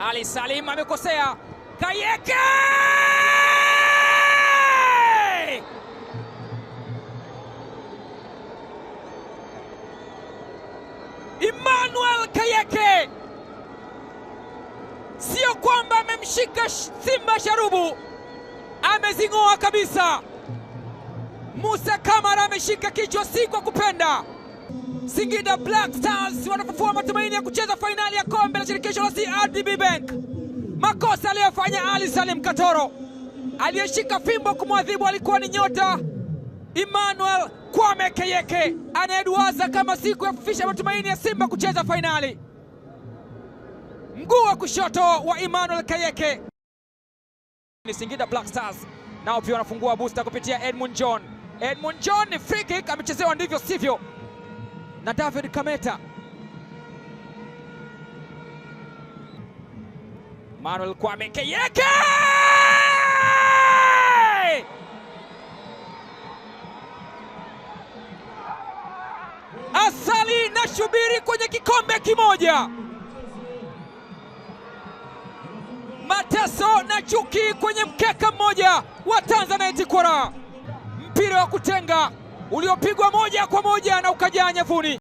Ali Salim amekosea, Kayeke Emmanuel Kayeke, sio kwamba amemshika Simba sharubu, amezing'oa kabisa. Musa Kamara ameshika kichwa, si kwa kupenda. Singida Black Stars wanafufua matumaini ya kucheza fainali ya kombe la shirikisho la CRDB Bank. Makosa aliyofanya Ali Salim Katoro, aliyeshika fimbo kumwadhibu alikuwa ni nyota Emmanuel Kwame Keyeke anayeduaza kama siku ya kufisha matumaini ya Simba kucheza fainali. Mguu wa kushoto wa Emmanuel Keyeke ni Singida Black Stars nao pia wanafungua busta kupitia Edmund John. Edmund John ni free kick amechezewa ndivyo sivyo na David Kameta. Manuel Kwame Keyeke! Asali na shubiri kwenye kikombe kimoja. Mateso na chuki kwenye mkeka mmoja wa Tanzanite Kora. Mpira wa kutenga uliopigwa moja kwa moja na ukajaa nyavuni.